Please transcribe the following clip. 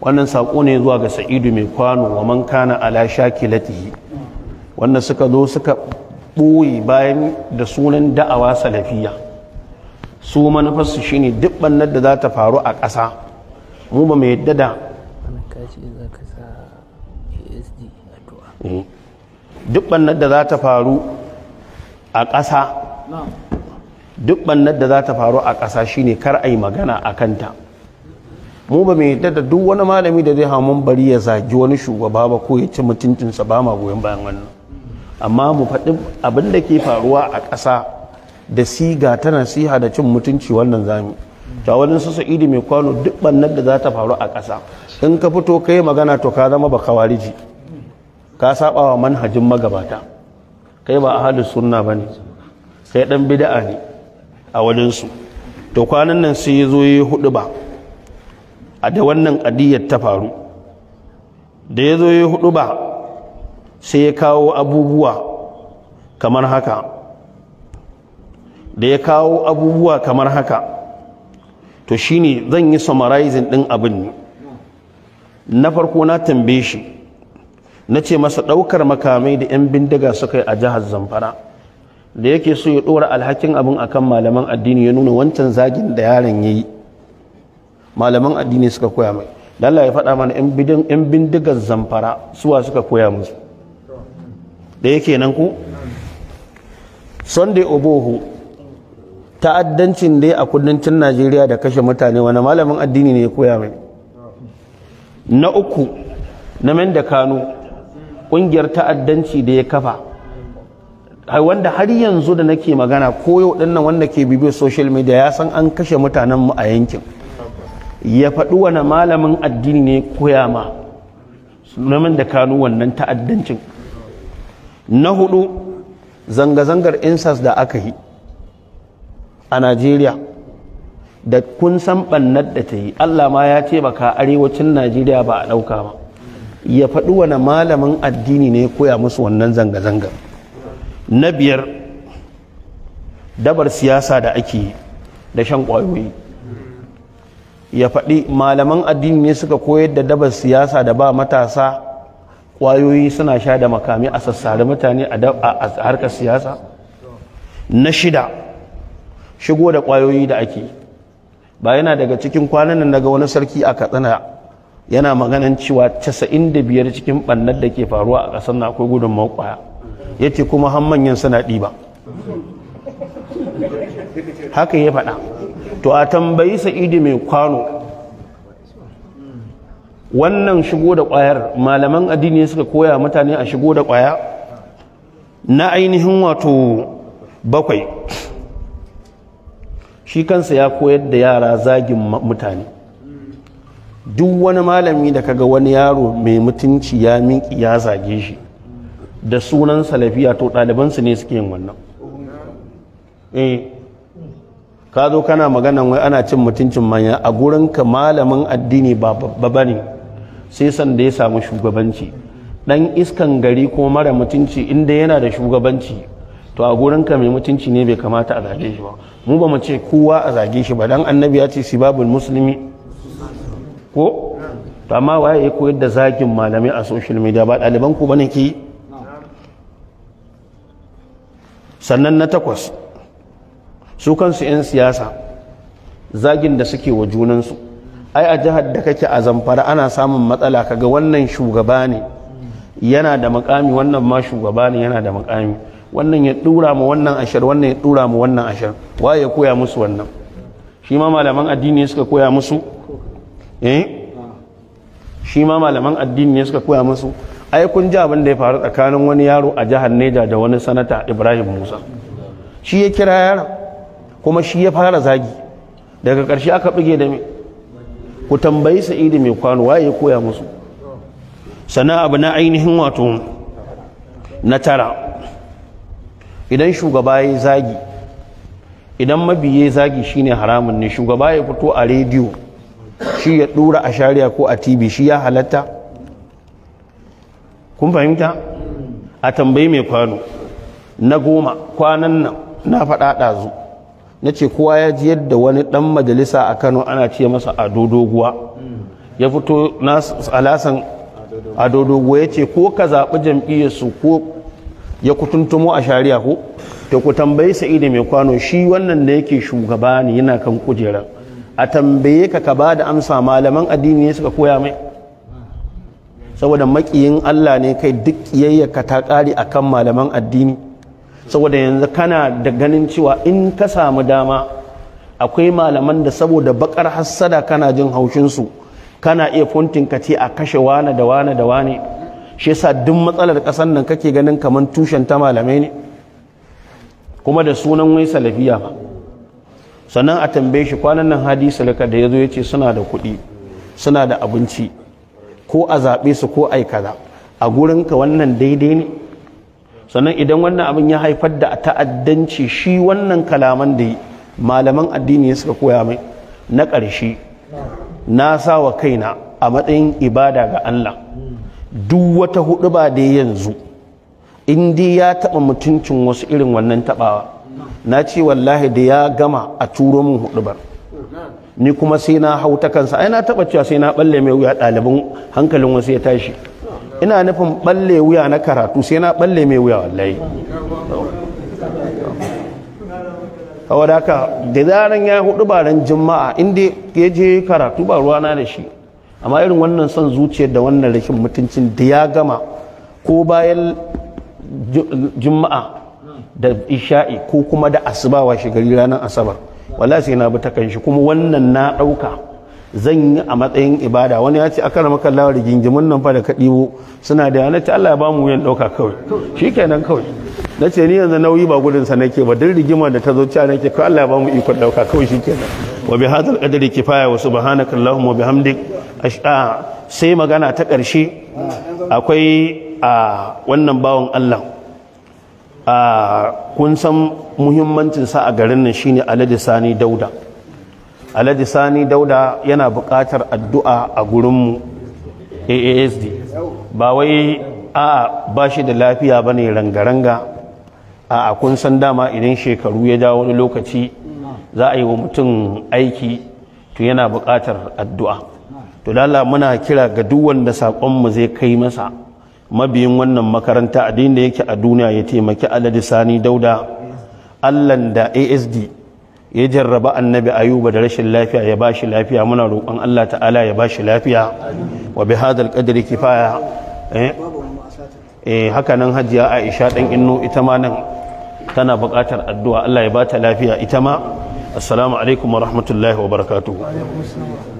wannan saƙo ne zuwa ga sa'idu mai kwano wa man kana ala shakilatihi wannan suka zo suka ɓoye bayan da sunan da'awa salafiya su manufarsu shine duk bannar da za ta faru a ƙasa mu ba mai yadda da eh. duk bannar da za ta faru a ƙasa duk bannar da za ta faru a ƙasa shine kar a yi magana a kanta mu ba mu yadda da duk wani malami da zai hau hamun bari ya zagi wani shugaba ba ko ya ci mutuncinsa ba ma goyon bayan wannan amma mu faɗi abin da ke faruwa a ƙasa da siga ta nasiha da cin mutunci wannan zami ta wani sassa idi mai kwano duk bannan da za ta faru a ƙasa in ka fito ka yi magana to ka zama ba kawariji ka saba wa manhajin magabata kai ba ahalin sunna ba ne kai ɗan bida'a ne a wajensu to kwanan nan sai ya zo ya yi hudu ba a da wannan ƙadiyar ta faru da ya zo ya hudu ba sai ya kawo abubuwa kamar haka da ya kawo abubuwa kamar haka to shine zan yi summarizing ɗin abin ne na farko na tambaye shi na ce masa ɗaukar makamai da 'yan bindiga suka yi a jihar zamfara da yake so ya ɗora alhakin abin akan malaman addini ya nuna wancan zagin da yaron ya yi malaman addini suka koya mai Allah ya faɗa mana yan bindigar zamfara suwa suka koya musu da yake nan ku sunday obohu ta'addancin dai a kudancin najeriya da kashe mutane wani malamin addini ne ya koya mai na uku na men da kano ƙungiyar ta'addanci da ya kafa wanda har yanzu da nake magana koyo yau nan wanda ke bibiyar social media ya san an kashe mutanen mu a yankin ya faɗi wani malamin addini ne koya ma sunamin da kanu wannan ta'addancin na hudu zanga-zangar insas da aka yi a najeriya da kun san ɓannar da ta yi allah ma ya ce baka arewacin najeriya ba a ɗauka ba ya faɗi wani malamin addini ne koya musu wannan zanga-zangar na biyar dabar siyasa da ake yi da shan ƙwayoyi ya faɗi malaman addini ne suka koyar da dabar siyasa da ba matasa ƙwayoyi suna sha da makami a sassare mutane a harkar siyasa na shida shigo da ƙwayoyi da ake ba yana daga cikin kwanan nan daga wani sarki a katsina yana maganan cewa casa'in da biyar cikin ɓannar da ke faruwa a ƙasar na akwai gudun maƙwaya ya kuma har manyan suna ba. haka ya faɗa to a tambayi sa'idi mai kwano wannan shigo da kwayar malaman addini suka koya mutane a shigo da kwaya na ainihin wato bakwai shi kansa ya koyar da yara zagin mutane duk wani malami da kaga wani yaro mai mutunci ya minki ya zage shi da sunan salafiya to ɗalibansu ne suke yin wannan eh, ka zo kana maganan wai ana cin mutuncin manya a gurinka malamin addini ba babba ne sai sanda ya samu shugabanci ɗan iskan gari ko mara mutunci inda yana da shugabanci to a gurinka mai mutunci ne bai kamata a zage shi ba mu ba mu ce kowa a zage shi ba dan annabi ya ce sibabul muslimi ko to amma waye ya koyar da zagin malamai a social media ba ɗaliban ku bane ke sannan na takwas su kansu 'yan siyasa zagin da suke wa junansu ai a jihar da kake a zamfara ana samun matsala kaga wannan shugaba ne yana da makami wannan ma shugaba ne yana da makami wannan ya dura mu wannan ashar wannan ya dura mu wannan ashar waye ya koya musu wannan shi ma malaman addini suka koya musu eh shi ma malaman addini suka koya musu ai kun ji abin da ya faru tsakanin wani yaro a jihar Neja da wani sanata Ibrahim Musa shi ya kira yaron kuma shi ya fara zagi daga ƙarshe aka buge da me ku tambayi sa'idu mai kwano waye ya koya musu sana abu na ainihin wato na tara idan shugaba ya zagi idan mabiye zagi shine haramun ne shugaba ya fito a rediyo shi ya dura a shari'a ko a tv shi ya halatta kun fahimta a tambayi mai kwano na goma kwanan nan na faɗa ɗazu na ce kowa ya ji yadda wani dan majalisa a kano ana ce masa a dodoguwa ya fito na alasan a dodoguwa ya ce ko ka zaɓi jam'iyyarsu ko ya kutuntumo a shari'a ko ta ku tambayi sa'idu mai kwano shi wannan da yake shugaba ne yana kan kujerar a tambaye ka ka ba da amsa malaman addini ne suka koya mai saboda makiyin allah ne kai duk ka ta ƙare akan malaman addini saboda yanzu kana da ganin cewa in ka samu dama akwai malaman da saboda bakar hassada kana jin haushinsu kana iya funtin ka ce a kashe wane da wane da wane shi yasa duk matsalar ƙasar nan kake ganin kamar tushen ta malamai ne kuma da sunan wai salafiya ba sannan a tambaye shi kwanan nan hadisi laka da yazo yace suna da kuɗi suna da abinci ko a zaɓe su ko ai kaza a gurinka wannan daidai ne sannan idan wannan abin ya haifar da ta'addanci shi wannan kalaman da malaman addini ya suka koya mai na ƙarshe na sa wa kaina a matsayin ibada ga Allah duk wata hudu ba da yanzu in dai ya taɓa mutuncin wasu irin wannan taɓawa na ce wallahi da ya gama a turo min huɗubar ni kuma sai na hauta kansa ai na taɓa cewa sai na balle mai wuya ɗalibin hankalin wasu ya tashi ina nufin balle wuya na karatu sai na balle mai wuya wallahi saboda haka da zaran ya hudu ran juma'a inda ya je karatu ba ruwana da shi amma irin wannan son zuciyar da wannan rashin mutuncin da ya gama ko bayan juma'a da isha'i ko kuma da asuba shi gari ranar asabar wallahi sai na bi ta kanshi kuma wannan na dauka zan yi a matsayin ibada wani ya ce a kara maka lawar rigingimin nan fa da ka ɗibo suna da yana ta Allah ya bamu yin ɗauka kawai shi kenan kawai na ce ni yanzu nauyi ba gudunsa nake ba duk rigima da ta zo cewa nake kawai Allah ya bamu ikon ɗauka kawai shi kenan wa bi hadal qadri kifaya wa subhanaka allahumma wa bihamdik sai magana ta ƙarshe akwai a wannan bawan Allah a kun san muhimmancin sa a garin nan shine Alhaji Sani Dauda alhaji sani dauda yana buƙatar addu'a a gurinmu aasd ba wai a ba shi da lafiya ba ne rangaranga a kun san dama idan shekaru ya dawo wani lokaci za a yi wa mutum aiki to yana buƙatar addu'a to lala muna kira ga duk wanda saƙonmu zai kai masa mabiyin wannan makaranta a da yake a duniya ya taimaki alhaji sani dauda allan da asd ya jarraba annabi ayuba da rashin lafiya ya bashi lafiya muna roƙon Allah ta'ala ya bashi lafiya wa bi hadal qadri kifaya eh? eh haka nan hajiya Aisha dan inno ita ma nan tana buƙatar addu'a Allah ya bata lafiya ita ma assalamu alaikum wa rahmatullahi wa barakatuh